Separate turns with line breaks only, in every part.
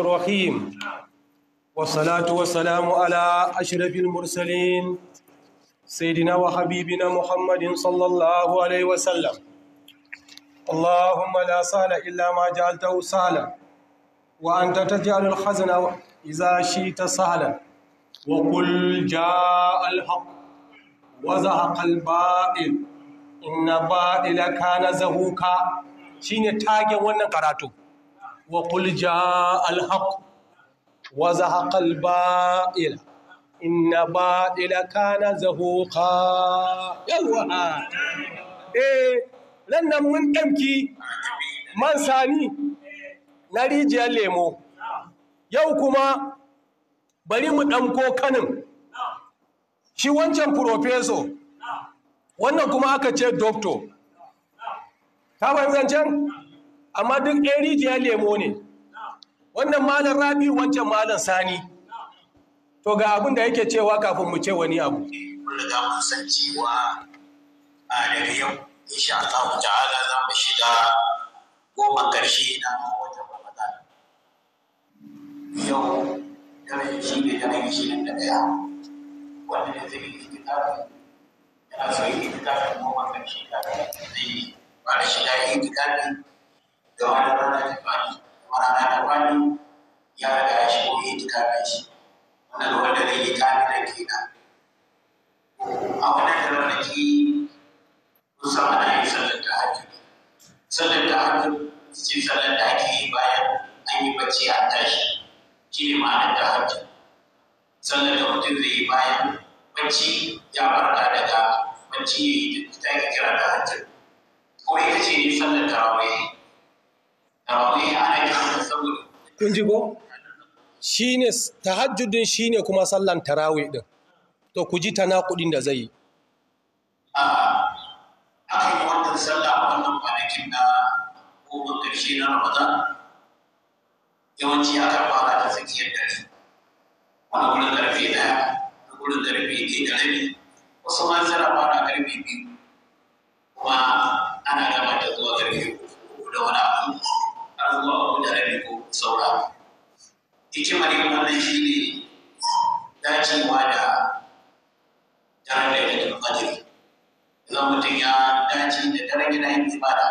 الرحيم والصلاة والسلام على أشرف المرسلين سيدنا وحبيبنا محمد صلى الله عليه وسلم اللهم لا سهل إلا ما جعلته سهلا وأنت تجعل الحزن إذا شئت سهلا وقل جاء الحق وزهق البائل إن البائل كان زهوكا شين تاجي ونن قراتو wa kul ja wa za a ina ba ila ka ka yalwa a nan nan mun ɗanki man sani na rijiyar lemo yau kuma bari mu ɗanko kanin shi wancan profeso wannan kuma aka ce doktor ta bai zancen amma duk ɗan rijiya lemo ne wannan malam rabi wancan malam sani to ga abin da yake cewa kafin mu ce wani abu mun
riga mun san cewa a daga yau insha Allah ta'ala za mu shiga goma karshe na wajen Ramadan yau dare shi ne dare shi da daya wanda ne zai yi kitabi yana so yi kitabi goma karshe da zai fara shiga yi kitabi ga wani rana ta fadi wani rana ta fadi ya riga shi, ko ya yi kafin shi wannan wanda zai yi kafin da ke nan a wannan tarwanaki kusan ana yin sallar ta hajji sallar ta hajji cikin sallar da ake yi bayan an yi bacci a tashi shi ne ma'anar ta hajji sannan da mutum zai yi bayan bacci ya farka daga bacci ya yi ta kira da hajji ko ita ce ne sallar tarawih
kun ji ko shine tahajjudin ne kuma sallan tarawih din to ku ji ta tanakudin da zai yi
aka yi wannan sallah a wannan kwanakin na goma karshe na ramadan yawanci aka fara da yadda su. wani wurin ƙarfe na, wani wurin ƙarfe ke da rabi wasu ma suna na ƙarfe biyu kuma ana gama da zuwa ƙarfe uku da wani abu ka zuwa abu da rabi ko saura hikimar yin wannan shi ne dacewa da daren da ya tafi Na mutum ya dace da daren yana yin ibada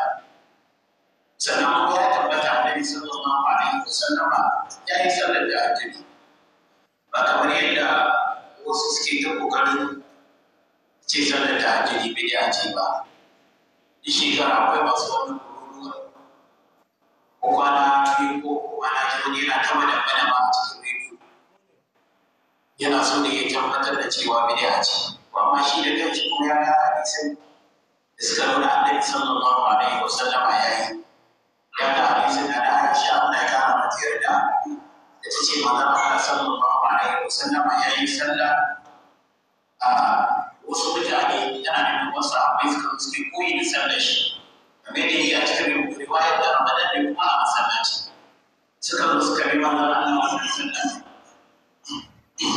sannan kuma ya tabbata da ni annabi sallallahu sannan wasallam ya yi sannan da annabi ba kamar yadda wasu suke ta kokarin ce sannan da annabi bai dace ba shi shekara akwai masu wannan ko kwana biyu ko kwana biyu yana ta madabana ba a cikin rediyo yana so da ya tabbatar da cewa bid'a ce amma shi da kanshi kuma ya ga hadisai da suka nuna annabi sallallahu alaihi wa sallama ya yi ya ga hadisin da Aisha Allah ya kara mata yarda da ta ce manzon Allah sallallahu alaihi wa sallama ya yi sallah a wasu mutane da annabi wasu abai suka suke koyi da sallar shi kamar da yi a cikin mai da abadan da a masallaci suka zo suka bi wannan Allah a masallaci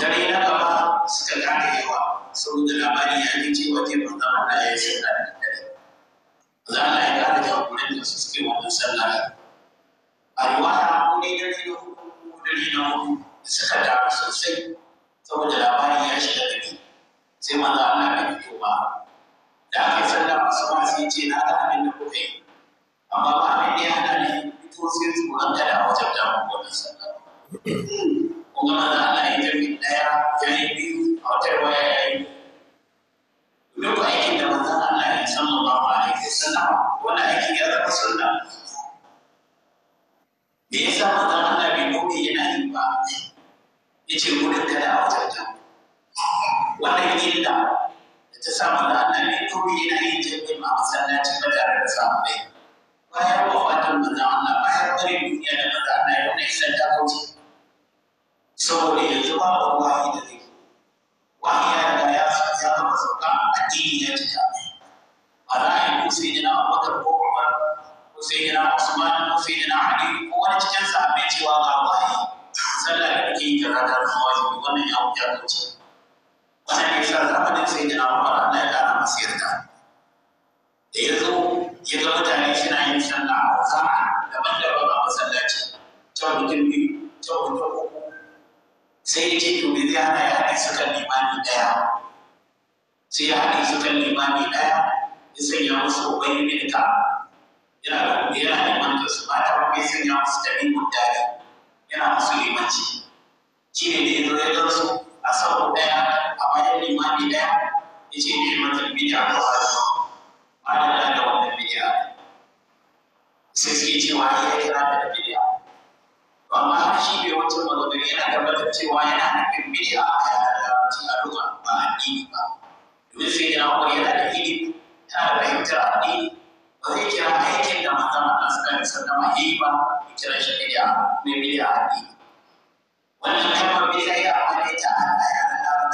dare na gaba suka kare yawa saboda labari ya yi cewa ke Allah ya yi sallah da dare za a yi kare jagoran da suke wannan sallah a riwaya wani dare na hudu dare na hudu suka damu sosai saboda labari ya shiga gari sai manzan Allah ba da aka yi masu asuba sai ce na ga abin da kuka yi amma ba abin da ya hada ne fito sai tsoron da a wajen da mu wannan sallar kuma na da Allah ya jirgin daya ya biyu a wata waya ya yi
duk aikin da manzon Allah ya sallallahu
alaihi wasallam wani aikin ya zama sunna me yasa manzon Allah bai doke yana yi ba yace gudun kada a wajen da wannan illa ta samu da annabi yana yin ma masallaci tare da dai bayan Allah bayan duniya da Allah ya wani saboda yanzu da zai ya ya ya sauka addini ya a ko sai yana Abubakar ko Umar ko sai yana Usman ko sai yana ko wani cikin cewa ga sallar da yi wajibi wannan ya wuce wannan ya sha zamanin sai da na umar Allah ya kara masu yarda mutane suna yin sallah a zama daban-daban a masallaci can mutum biyu can mutum sai ya ce to ya haɗe su kan limami ɗaya sai ya haɗe su ya sanya musu ubayi bin ka yana da yana liman ba ya sanya musu dari mutane yana musu limanci shi ne ya a ɗaya wajen limami ɗaya ya ce ni'matul bid'a wa hadu adalla da wannan bid'a sai suke cewa ya kira ta da bid'a amma har shi bai wancan mazauni yana tabbatar cewa yana nufin bid'a a kan larabci a duka ba addini ba domin sai yana Wani yana da ilimi yana da fahimtar addini ba zai kira aikin da manzon Allah sallallahu alaihi wasallam ya yi ba ya kira shi bid'a mai bid'a addini wannan kalmar bid'a ya amfane ta a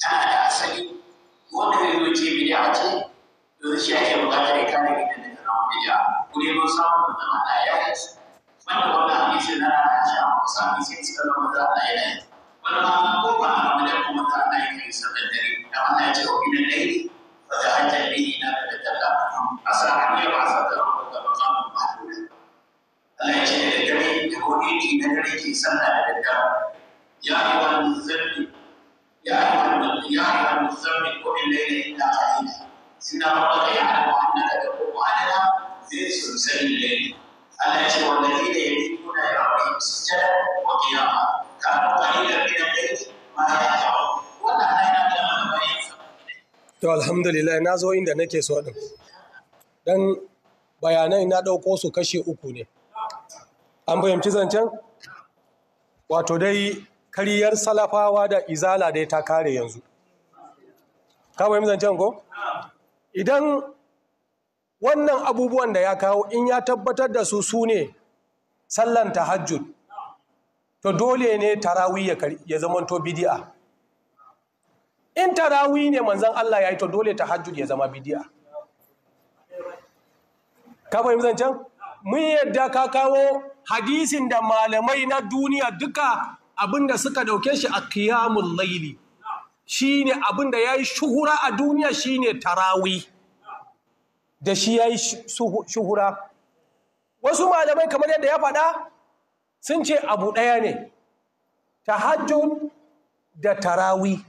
tana da asali wanda zai zo ce a ce yanzu shi ake bukatar ya kare gidan da ta zama bidiya ku ne mun samu da zama da yayin su wanda wanda hadisi na rana shi a kusa mai sai suka zama da a yayin wanda ma ko ba a rabu da kuma ta ana yin kai sallar dare da wanda ya ce wa bidan dare ba ta hajjar dare na da daddala a sa sa'an yau a sa'an da ba ta ba ta ba Allah ya ce da dare da ko ne ke na dare ke sallah da daddala ya yi wani zarfi يا أعلم يا أعلم قليلا سيدنا يعلم تقوم في سلسل الليل لربهم سجدا وقياما كانوا قليلا من الليل ما
To alhamdulillah na zo inda nake so din. Dan bayanai na ɗauko su kashe uku ne. An fahimci zancen? Wato dai kariyar salafawa da izala dai ta kare yanzu kawai zancen ko idan wannan abubuwan da ya kawo in ya tabbatar da su su ne sallan tahajjud to dole ne tarawi ya zamanto bidi'a in tarawi ne manzan Allah ya yi to dole tahajjud ya zama bidi'a ka fahimci zancen mun yadda ka kawo hadisin da malamai na duniya duka abinda suka dauke shi a kiyamun ne
abin
da abinda yi shuhura a duniya shi ne tarawi da shi ya yi shuhura wasu malamai kamar yadda ya faɗa sun ce abu ɗaya ne tahajjud da tarawi.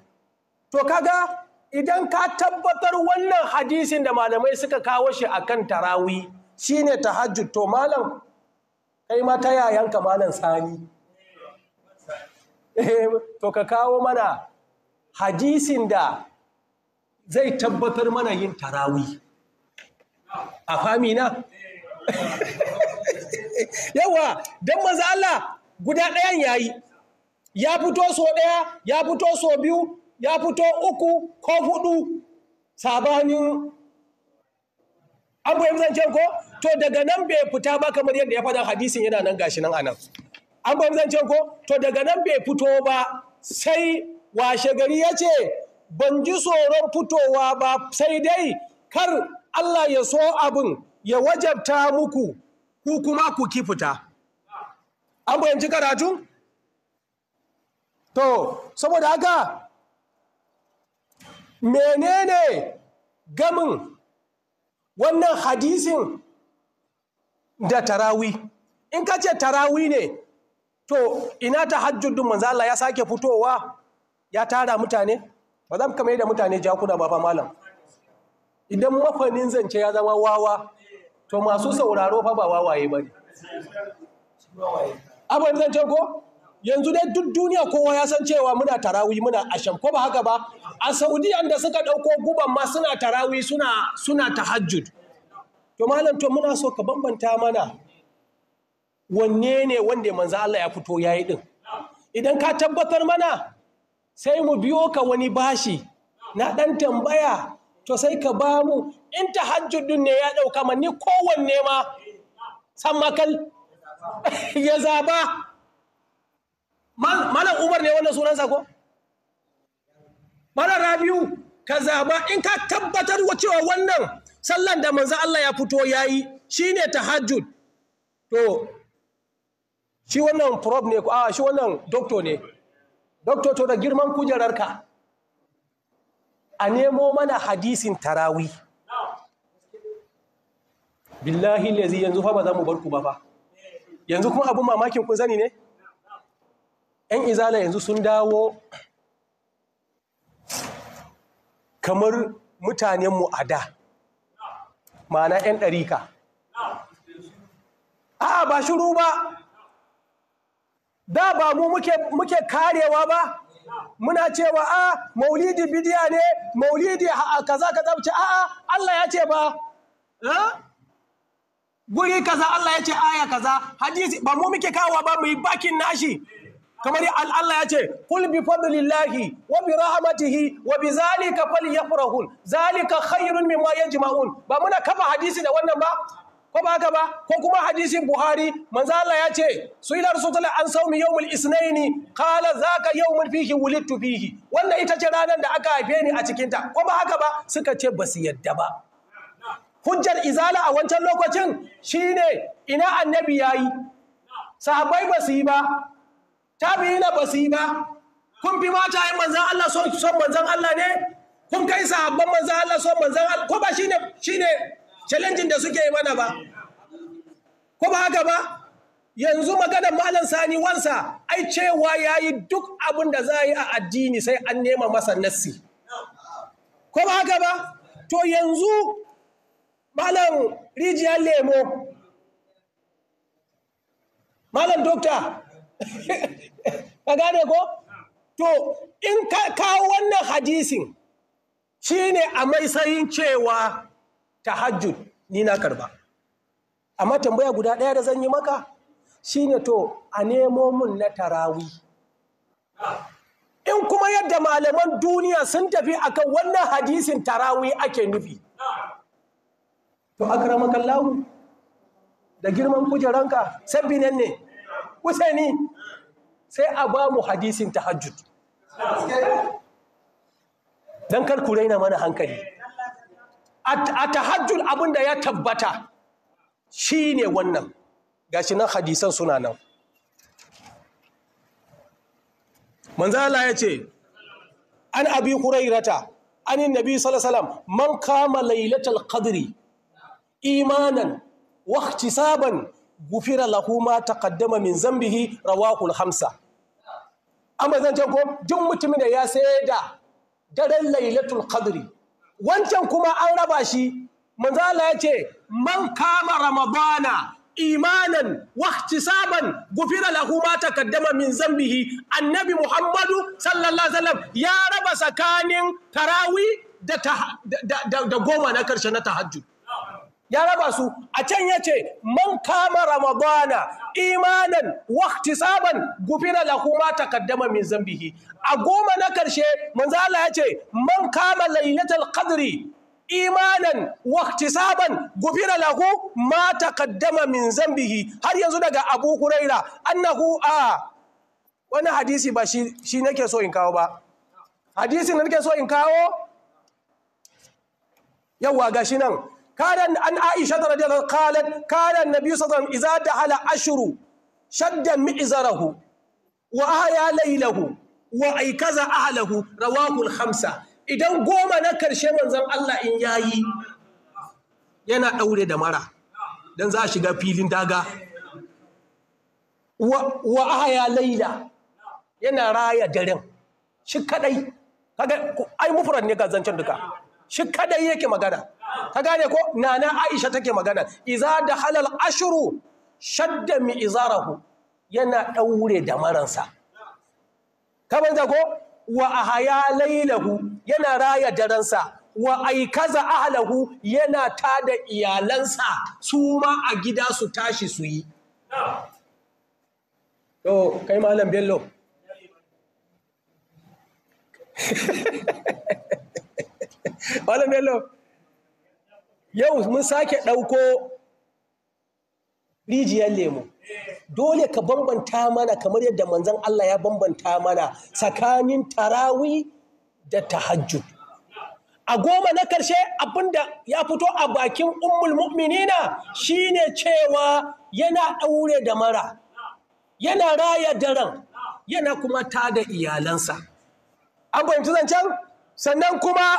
to kaga idan ka tabbatar wannan hadisin da malamai suka kawo shi akan ne shine tahajjud to malam kai mata yayan yayanka malam sani Eh, to ka kawo mana hadisin da zai tabbatar mana yin tarawi a famina yawa don maza Allah guda ɗayan yayi ya fito so ɗaya ya fito so biyu ya fito uku ko hudu sabanin abu yanzu ko to daga nan bai fita ba kamar yadda ya faɗa hadisin yana nan gashi nan anan an zan ce ko to daga nan bai fito ba sai washe gari ya ce ban ji tsoron fitowa ba sai dai kar Allah ya so abin ya wajabta muku ku kuma ku ki fita an bayanci karatu to saboda haka menene gamin wannan hadisin da tarawi in ka ce tarawi ne to ina ta hajjudin manzo Allah ya sake fitowa ya tara mutane ba za mu da mutane jakuna ba fa malam idan mafanin zance ya zama wawa to masu sauraro fa ba wawaye ba ne abin zance ko yanzu dai duk duniya kowa ya san cewa muna tarawi muna asham ko ba haka ba a saudiyan da suka ɗauko guban ma suna tarawi suna suna tahajjud to malam to muna so ka bambanta mana wanne ne wanda manzo Allah ya fito ya yi din? idan ka tabbatar mana sai mu biyo ka wani bashi na ɗan tambaya to sai ka ba mu in tahajjudun ne ya ɗauka ma kowanne ma san makal ya zaba malam umar ne wannan sunansa ko malam rabiu ka zaba in ka tabbatar wa cewa wannan sallan da manzo Allah ya fito yayi shine tahajjud to shi wannan prof ne a ah, shi wannan doctor ne doctor to da girman kujerarka a nemo mana hadisin tarawi billahi lezi yanzu fa ba za mu bar ku ba fa yanzu kuma abin mamakin kun sani ne ‘yan izala yanzu sun dawo kamar mutanenmu a da ma'ana ‘yan ɗarika a ba shuru ba da ba mu muke karewa ba muna cewa a ah, maulidi bidiya ne maulidi kaza kaza ce a'a Allah ya ce ba eh? guri kaza Allah ya ce aya kaza hadisi ba mu muke kawo ba mu yi bakin nashi kamar Allah ya ce kul bi fadlillahi wa bi rahmatihi wa bi zalika falyafrahun zalika khairun mimma yajma'un ba muna kafa hadisi da wannan ba ko ba haka ba ko kuma hadisin buhari manzo Allah ya ce su ila rasulullahi an saumi yawmul isnaini qala zaka yawmul fihi wulidtu fihi wannan ita ce ranar da aka haife ni a cikin ta ko ba haka ba suka ce basu yadda ba hujjar izala a wancan lokacin shine ina annabi yayi sahabbai basu yi ba tabi'ina basu yi ba kun fi mata yin manzan Allah son manzan Allah ne kun kai sahabban manzan Allah son manzan Allah ko ba shine shine challenging da suke mana ba ko ba haka ba yanzu maganar malam sani wansa ai cewa yayi duk abin da za yi a addini sai an nema masa nassi ko ba haka ba to yanzu malam rijiyar lemo malam dokta ka gane ko to in ka kawo wannan hadisin shine a matsayin cewa tahajjud ni na karba amma tambaya guda ɗaya da zan yi maka shine to a nemo mun na tarawi in kuma yadda malaman duniya sun tafi akan wannan hadisin tarawi ake nufi to akramakallahu da girman kujeranka sabbi nan ne kusani sai a ba mu hadisin tahajjud dan kar ku raina mana hankali a tahajjul abin da ya tabbata shi ne wannan gashi nan hadisan suna nan manzala ya ce an abi hurairata an nabi sallallahu man kama lailatul qadri imanan wa ihtisaban gufira lahuma ta kaddama, min zambihi rawahul hamsa amma zan ko duk mutumin da ya sai da daren lailatul qadri wancan kuma an raba shi manzo yace ya ce man kama ramadana imanan saban gufira lahuma ma takaddama min zambihi annabi muhammadu sallallahu alaihi wasallam ya raba tsakanin tarawi da, da goma na karshe na tahajjud ya raba su a can ya ce man kama ramadana imanan wakti saban gufina lahu ma takaddama min zambihi a goma na karshe manzala ya ce man kama lailatul qadri imanan waktisaban gufina lahu ma takaddama min zambihi har yanzu daga Abu Huraira annahu a wani hadisi ba shi nake so in kawo ba hadisin nake so in kawo yawwa gashi nan كان أن عائشة رضي الله قالت كان النبي صلى الله عليه وسلم إذا دخل أشهر شد مئزره وآيا ليله وأيكز أهله رواه Hamsa. idan goma na karshe manzan Allah in yayi yana daure da mara dan za a shiga filin daga wa aya laila yana raya daren shi kadai kaga ai mufrad ne ga zancen duka shi kadai yake magana ka gane ko nana aisha take magana iza da halal ashuru shadda mi izarahu yana daure da maransa ka banza ko wa ahaya lailahu yana raya daransa wa aikaza ahlahu yana tada iyalansa su ma a gida su tashi su yi to kai malam bello malam bello yau mun sake ɗauko rijiyar lemu dole ka bambanta mana kamar yadda manzan Allah ya bambanta mana tsakanin tarawi da tahajjud a goma na karshe da ya fito a bakin ummul mu'minina shine cewa yana ɗaure da mara yana raya daren yana kuma da iyalansa an zancen sannan kuma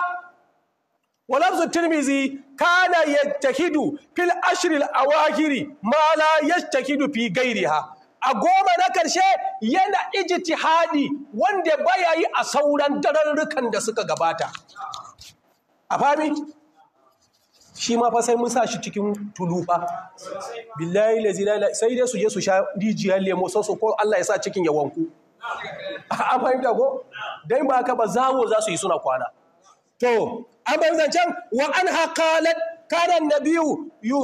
walafzu turmizi. kana yattahidu fil ashril awahiri ma la yattahidu fi gairiha a goma na karshe yana ijtihadi wanda baya yi a sauran dararrukan da suka gabata a fami shi ma fa sai mun sa shi cikin tulufa billahi lazila sai dai su je su sha rijiyar lemo sai su ko Allah ya sa cikin ya wanku a fahimta ko dai ba ka ba zawo za su yi suna kwana to an bar zancen wa an haƙalat karan na biyu yu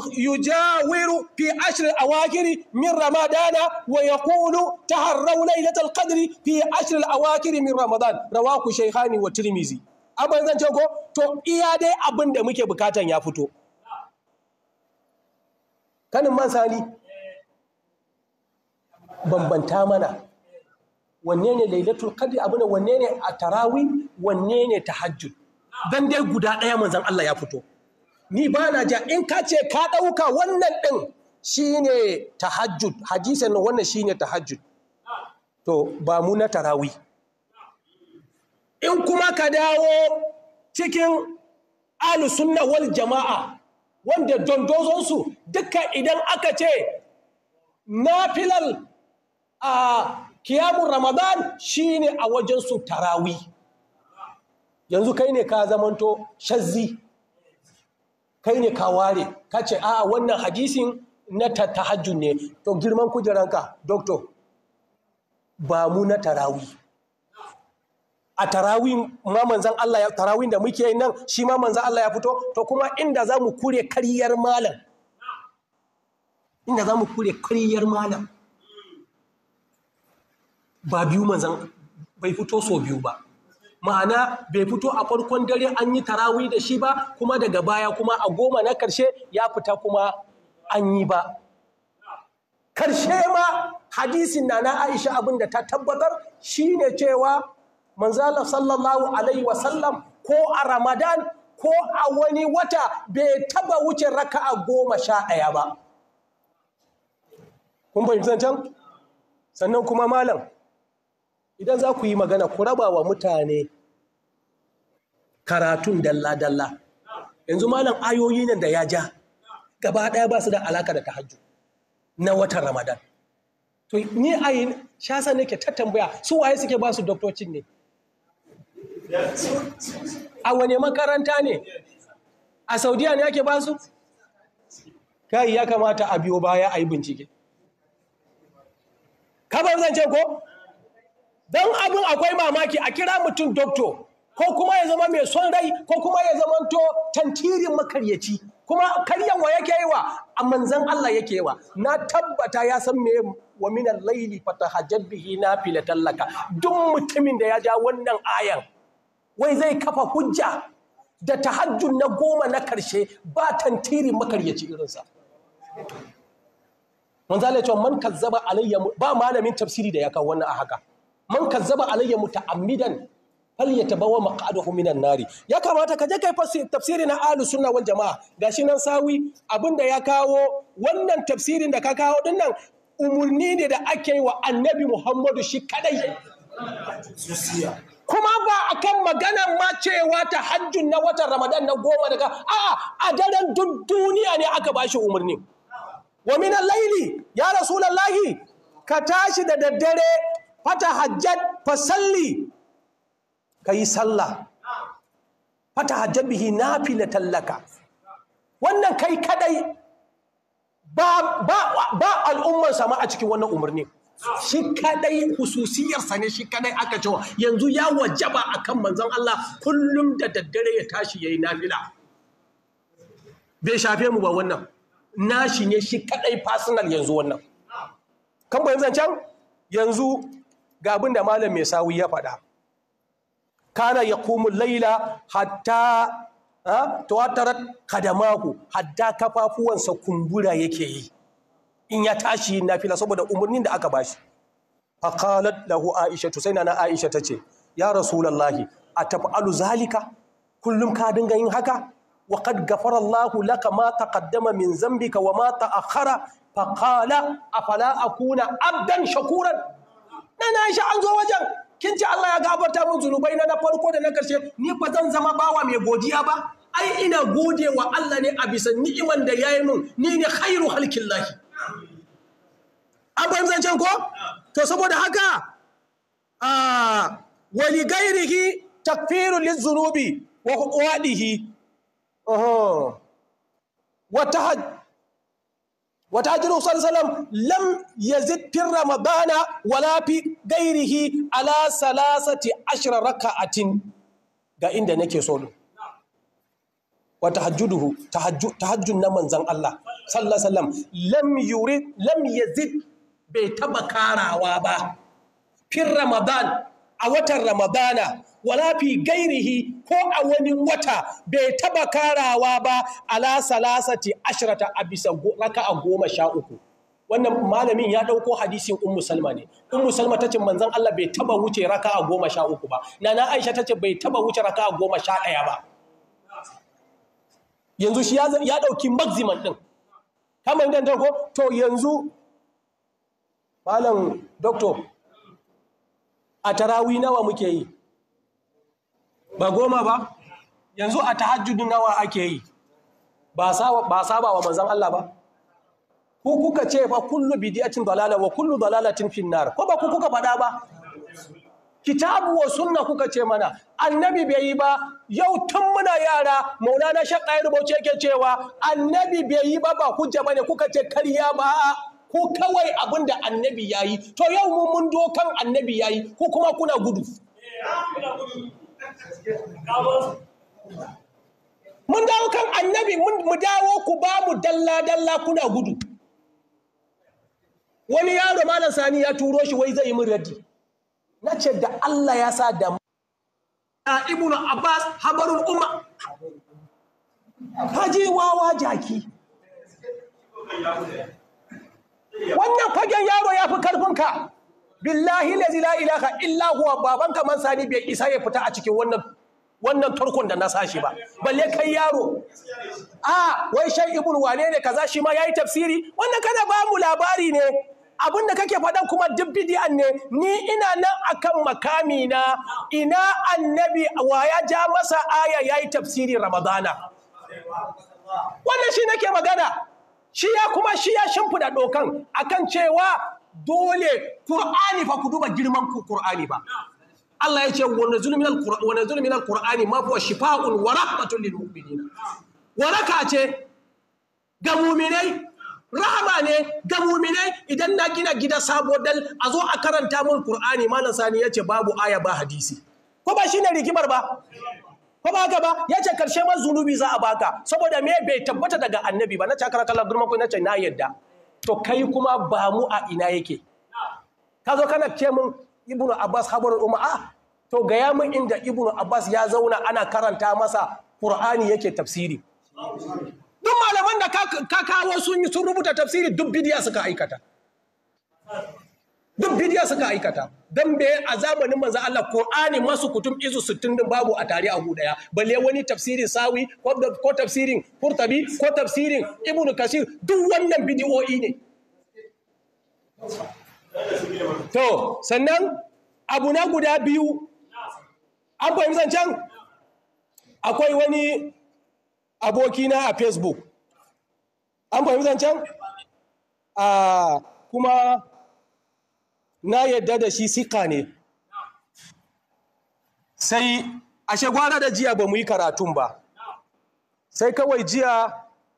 wiru fi ashirin a wakiri min ramadana wa ya kulu ta harrau lailatul qadri fi ashirin a wakiri min ramadan rawaku shaihani wa tirmizi an zancen ko to iya dai abin da muke bukatan ya fito kanin man sani bambanta mana wanne ne lailatul qadri abin wanne ne a tarawi wanne ne tahajjud dan dai guda ɗaya manzan Allah ya fito ni ba na ja in ka ce ka ɗauka wannan ɗin shine tahajjud hajjisan wannan shine tahajjud to ba mu na tarawi in kuma ka dawo cikin sunna wal jama'a wanda dondozonsu duka idan aka ce na filal a kiyamun ramadan shine a wajensu tarawi yanzu kai ne ka zamanto shazzi kai ne ka ware ka ce a wannan hadisin na tattahajjun ne to girman kujeranka doctor ba mu na tarawi a tarawin ma manzan Allah ya tarawi da muke yi nan shi ma manzan Allah ya fito to kuma inda za mu kure kariyar malam inda za mu kure kariyar malam ba biyu manzan bai fito so biyu ba ma'ana bai fito a farkon dare an yi tarawi da shi ba kuma daga baya kuma a goma na karshe ya fita kuma an yi ba karshe ma hadisin na na aisha abin da ta tabbatar shi ne cewa manzala sallallahu alaihi wasallam ko a ramadan ko a wani wata bai taba wuce raka a goma sha ɗaya ba kun fahimtar can sannan kuma malam idan za ku yi magana ku raba wa mutane karatun dalla-dalla yanzu malam ayoyi nan da ya ja gaba ɗaya ba su da alaka da tahajju na watan ramadan to ni a yi shasa ne ke tattambaya su waye suke ba su doktocin ne a wane makaranta ne a saudiya ne ake ba su kai ya kamata a biyo baya a yi bincike Ka zan zance ko don abin akwai mamaki a kira mutum doktor ko kuma ya zama mai son rai ko kuma ya zama to tantirin makaryaci kuma karyan wa yake yi wa a manzan Allah yake yi wa na tabbata ya san me wa minan laili fatahajjat bihi nafila tallaka duk mutumin da ya ja wannan ayan wai zai kafa hujja da tahajjud na goma na karshe ba tantirin makaryaci irinsa manzo Allah ya ce man kazzaba alayya ba malamin tafsiri da ya kawo wannan a haka kazzaba alayya muta'ammidan falyatabawa maq'adahu minan nari ya kamata ka je kai tafsiri na ahlus sunna wal jamaa gashi nan sawi abinda ya kawo wannan tafsirin da ka kawo dinnan umurni ne da ake yi wa annabi Muhammadu shi kadai kuma ba a kan maganar ma cewa ta hajjun na watan ramadan na goma daga a a daren duk duniya ne aka ba shi umarni wa minan laili ya rasulallahi ka tashi da daddare fata hajjat fasalli ka yi sallah fata hajjat bihi na tallaka wannan kai kadai ba, ba, al'ummarsa ma a cikin wannan umarni shi kadai hususiyarsa ne shi kadai aka cewa yanzu ya wajaba a kan manzon Allah kullum da daddare ya tashi ya yi nafila bai shafe mu ba wannan nashi ne shi kadai fasinal yanzu wannan kan bayan zancen yanzu ga abin da malam mai sawi ya faɗa kana ya kumu laila hatta tawatarar kadamaku hatta kafafuwansa kumbura yake yi in ya tashi na fila saboda umarnin da aka bashi faqalat lahu aisha to sai na aisha ta ce, ya A ataf'alu zalika kullum ka dinga yin haka wa qad ghafara Allahu laka ma taqaddama min zambika wa ma ta'akhkhara faqala afala akuna abdan na Aisha an zo wajen kin ce Allah ya gafarta min zunubai na farko da na karshe ni ba zan zama bawa mai godiya ba ai ina gode wa Allah ne a bisa ni'iman da yayi yi min ni ne khairu halkillahi an fahimci zancen ko to saboda haka a wali gairihi takfiru lizunubi wa huqwadihi oho wata jiru sallallahu lam yazid fi ramadana wala fi ghairihi ala salasati ashra raka'atin ga inda nake so din wa tahajjuduhu tahajjud tahajjud na manzon Allah sallallahu lam yuri lam yazid bai taɓa karawa ba fi ramadan a watan ramadana wala fi gairihi ko a wani wata bai taba karawa ba ala salasati ashrata a bisa a goma sha uku wannan malamin ya ɗauko hadisin ummu salma ne ummu salma ta ce manzon Allah bai taba wuce raka a goma sha uku ba nana aisha ta ce bai taba wuce raka a goma sha ɗaya ba yanzu shi ya ɗauki maximum ɗin kama yin ta to yanzu malam doctor a tarawi nawa muke yi ba goma ba yanzu a tahajjudu nawa ake yi ba saba wa manzan Allah ba ku kuka ce fa kullu bid'atin dalala wa kullu dalalatin finnar ko ba ku kuka faɗa ba kitabu wa sunna kuka ce mana annabi bai yi ba yau tun muna yara maulana shakka ya rubauce yake cewa annabi bai yi ba ba hujja bane kuka ce karya ba ku kawai abin da annabi ya yi to yau mun mun dokan annabi ya yi ko kuma kuna gudu
eh,
mun dawo kan annabi mu dawo ku ba mu dalla-dalla kuna gudu wani yaro malam sani ya turo shi wai zai yi min raddi na ce da Allah ya sa da mu. ibnu abbas habarun umma kaji wawa jaki wannan fagen yaro ya fi karfinka billahi lazi la ilaha illa huwa baban man sani bai isa ya fita a cikin wannan wannan da na sashi ba balle kai yaro a wai shan ibn wane ne kaza shi ma yayi tafsiri wannan kada ba mu labari ne abin da kake faɗan kuma duk bidiyan ne ni ina nan akan makami na ina annabi wa ya ja masa aya yayi tafsiri ramadana wannan shi nake magana shi ya kuma shi ya shimfida dokan akan cewa dole Kur'ani fa ku duba girman kur'ani ba Allah ya ce wanda nazulu minal qur'ani wa ma fa shifa'un wa rahmatun lil mu'minin. waraka ce ga mu'minai rahama ne ga mu'minai idan na gina gida sabo dal a zo a karanta mun ƙur'ani malam sani yace babu aya ba hadisi ko ba shine rigimar ba ko ba haka ba yace karshe ma zunubi za a baka saboda me bai tabbata daga annabi ba na ce karanta Allah na ce na yadda to kai kuma ba mu a ina yake ka zo kana ce min ibnu abbas habar umma ah, to gaya min inda ibnu abbas ya zauna ana karanta masa qur'ani yake tafsiri duk malaman da ka sun rubuta tafsiri duk bidiya suka aikata bidiyar suka aikata don bai a zamanin manzo Allah Qur'ani masu kutum izu 60 din babu a tare a daya balle wani tafsirin sawi ko tafsirin kurtabi ko tafsirin Ibn Kasir duk wannan bidiyoyi ne to sannan abu na guda biyu an fahimtar can akwai wani abokina a Facebook an fahimtar can ah, kuma na yadda da shi sika ne sai ashe shagwara da jiya ba mu yi karatun ba sai kawai jiya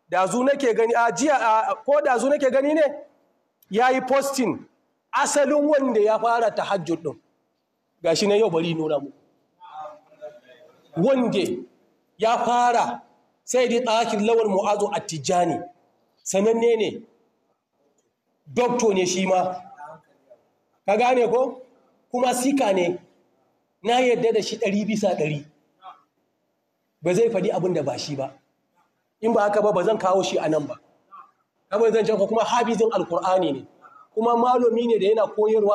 dazu nake gani a jiya a ko dazu nake gani ne ya yi postin asalin wanda ya fara ta tahajjud din gashi na yau bari nuna mu wanda ya fara sai dai ɗakin lawar mu'azu a tijjani sananne ne dokto ne shi ma ka gane ko kuma sika ne na yadda da shi ɗari bisa ɗari ba zai faɗi abin da ba shi ba in ba haka ba ba zan kawo shi a nan ba kamar zan canka kuma habizin alkur'ani ne kuma malomi ne da yana koyarwa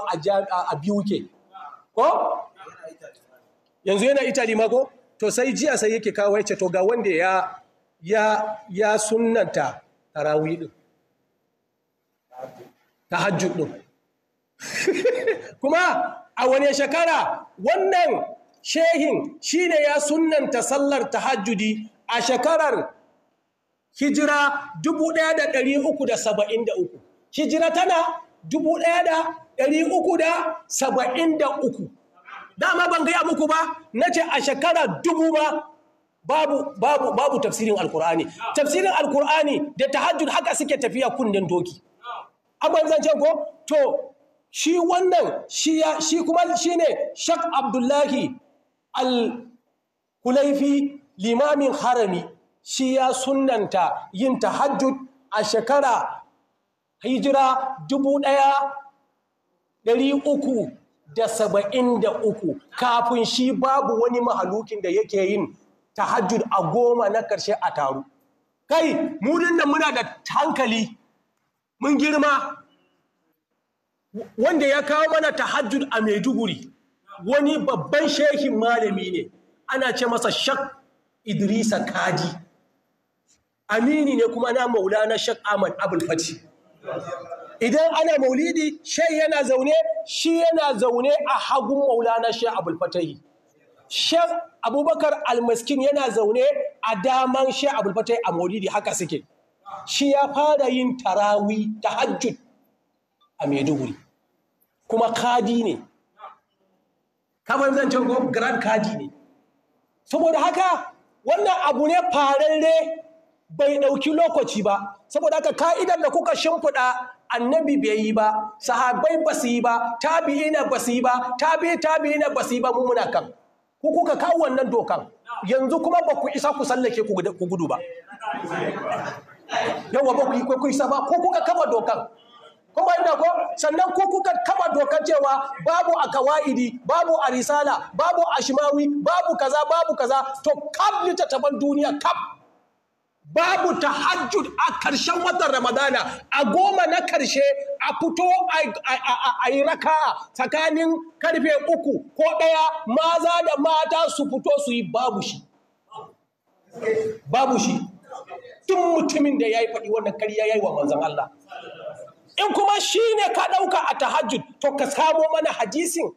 a biyu ke ko yanzu yana itali ko to sai jiya sai yake kawo yace to ga wanda ya ya ya sunnanta tarawih din tahajjud din kuma a wane shekara wannan shehin shi ne ya sunanta sallar tahajjudi a shekarar hijira 1373 hijira tana 1373 dama ban gaya muku ba na ce a shekara dubu ba babu babu babu tafsirin alkur'ani tafsirin alkur'ani da tahajjud haka suke tafiya kundin doki abin zance ko to shi wannan shi kuma shi kuma shine Shak Abdullahi al-Hulaifi limamin harami shi ya sunanta yin tahajjud a shekara hijira dubu ɗaya dari uku da saba'in da uku kafin shi babu wani mahalukin da yake yin tahajjud a goma na ƙarshe a taru kai mu da muna da hankali mun girma wanda ya kawo mana tahajjud a Maiduguri wani babban shehin malami ne ana ce masa Shak Idrisa Kadi amini ne kuma na maulana Shak Ahmad Abul Fati idan ana maulidi shai yana zaune shi yana zaune a hagun maulana shai Abul Fatai, Shak Abubakar Almaskin yana zaune a daman Shek Abul a maulidi haka suke shi ya fara yin tarawi tahajjud a Maiduguri kuma kadi ne kamar zancen ko grand kadi ne saboda haka wannan abu ne fararre bai ɗauki lokaci ba saboda haka ka'idar da kuka shimfiɗa annabi bai yi ba sahabai ba su yi ba ina ba su yi ba tabi ina ba su yi ba mu muna kan ku kuka kawo wannan dokan yanzu kuma ba ku isa ku sallake ku gudu ba yawa ba ku yi ku isa ba ko kuka kama dokan kuma da ko sannan ku kuka kama dokar cewa babu a kawaidi babu a risala babu a babu kaza babu kaza to ta taban duniya kab babu tahajjud a karshen watan ramadana a goma na karshe a fito a yi raka tsakanin karfe uku ko ɗaya maza da mata su fito su yi babu shi babu shi tun mutumin da ya yi faɗi wannan karya ya yi wa manzan Allah in kuma shi ne ka ɗauka a tahajjud to ka samo mana hadisin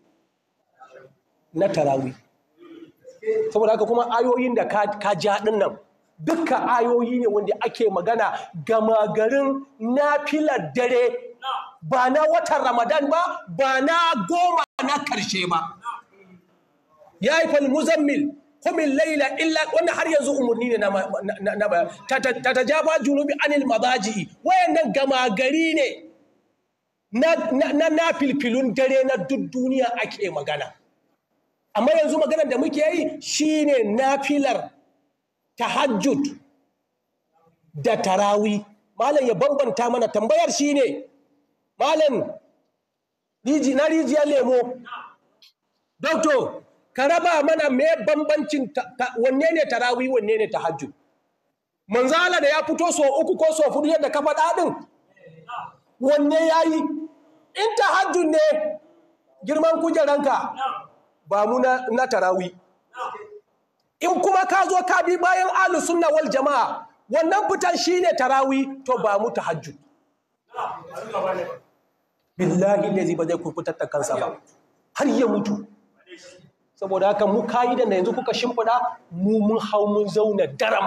na tarawi saboda haka kuma ayoyin da ka ja ɗin nan duka ayoyi ne wanda ake magana gama garin na filar dare ba na watan ramadan ba ba na goma na karshe ba ya yi falmuzammil kumin laila illa wannan har yanzu umarni ne na ta ta ja ba junubi anil mabaji wayannan gama gari ne na na filfilun dare na duk duniya ake magana amma yanzu magana da muke yi shine nafilar tahajjud da tarawi malam ya bambanta mana tambayar shine malam na rijiyar lemo dokto ka raba mana me bambancin wanne ne tarawi wanne ne tahajjud manzala da ya fito so uku ko so fudu yadda ka faɗa ɗin wanne yayi in ta hajju ne girman ranka ba mu na tarawi in kuma ka zo ka bi bayan alu sunna wal jama'a wannan fitan ne tarawi to ba mu tahajjud billahi ne ba zai kurkutar da kansa ba har yi mutu saboda haka mu kayi da yanzu kuka shimfiɗa mu mun hau mun zauna daram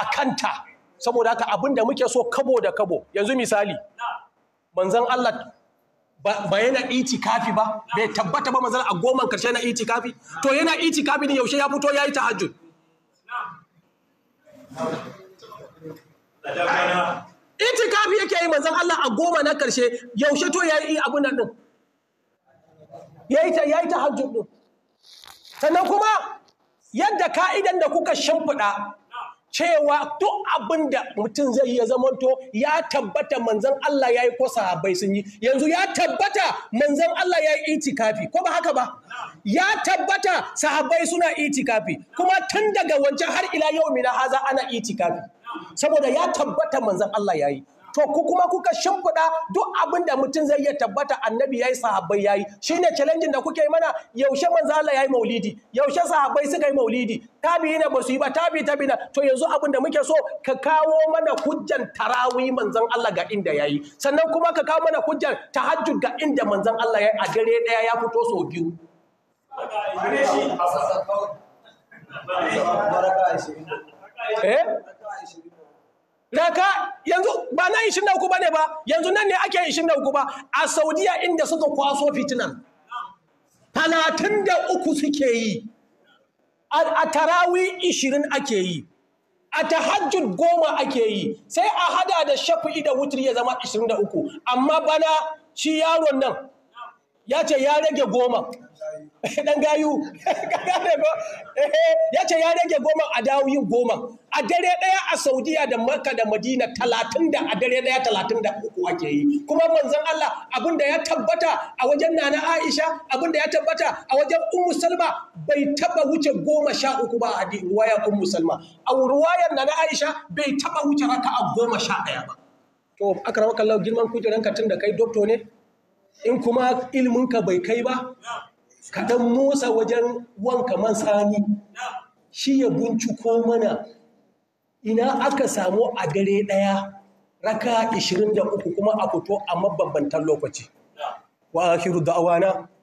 a kanta saboda haka abin da muke so kabo da kabo yanzu misali manzan Allah ba yana iti kafi ba bai tabbata ba manzan a goman karshe na iti kafi. to yana kafi ne yaushe ya fito ya hajjun.
tahajjud
kafi yake yi manzan Allah a goma na karshe yaushe to yayi abin nan din yi ta hajjun tahajjud din sannan kuma yadda ka'idan da kuka shimfiɗa cewa duk abin da mutum zai yi ya zamanto ya tabbata manzan Allah ya yi ko sahabbai sun yi yanzu ya tabbata manzan Allah ya yi itikafi ko ba haka ba ya tabbata sahabbai suna itikafi kuma tun daga wancan har ila yau mina haza ana itikafi saboda ya tabbata manzan Allah ya yi to ku kuma kuka shimfiɗa duk abin da mutum zai iya tabbata annabi yayi sahabbai yayi ne challenge da kuke mana yaushe manzo Allah yi maulidi yaushe sahabbai suka yi maulidi tabi ne ba su yi ba tabi tabi na to yanzu abin da muke so ka kawo mana hujjan tarawih manzon Allah ga inda yayi sannan kuma ka kawo mana hujjan tahajjud ga inda manzon Allah yi a dare ɗaya ya fito sau biyu eh Kaka yanzu ba na uku ba ne ba, yanzu nan ne ake uku ba, a Saudiya inda suka kwaso fitinan. Talatin da uku suke yi, a tarawi ishirin ake yi, a tahajjud goma ake yi, sai a hada da shafi'i da wutar ya zama ishirin da uku. amma bana shi yaron nan ya ce ya rage goma. dan gayu eh, ya ce ya rage goma a dawo yin goma a dare daya a saudiya da makka da madina talatin da a dare daya talatin da uku ake yi kuma manzon allah abin da ya tabbata a wajen nana aisha abin da ya tabbata a wajen ummu salma bai taba wuce goma sha uku ba a ruwayar ummu salma a ruwayar nana aisha bai taba wuce a goma sha ɗaya ba to akrama kallahu girman kujeranka tun da kai dokto ne in kuma ilminka bai kai ba Kaɗan musa motsa wajen wanka man sani shi ya binciko mana ina aka samu a dare ɗaya raka 23 kuma a fito a mabambantan lokaci
wa da awana?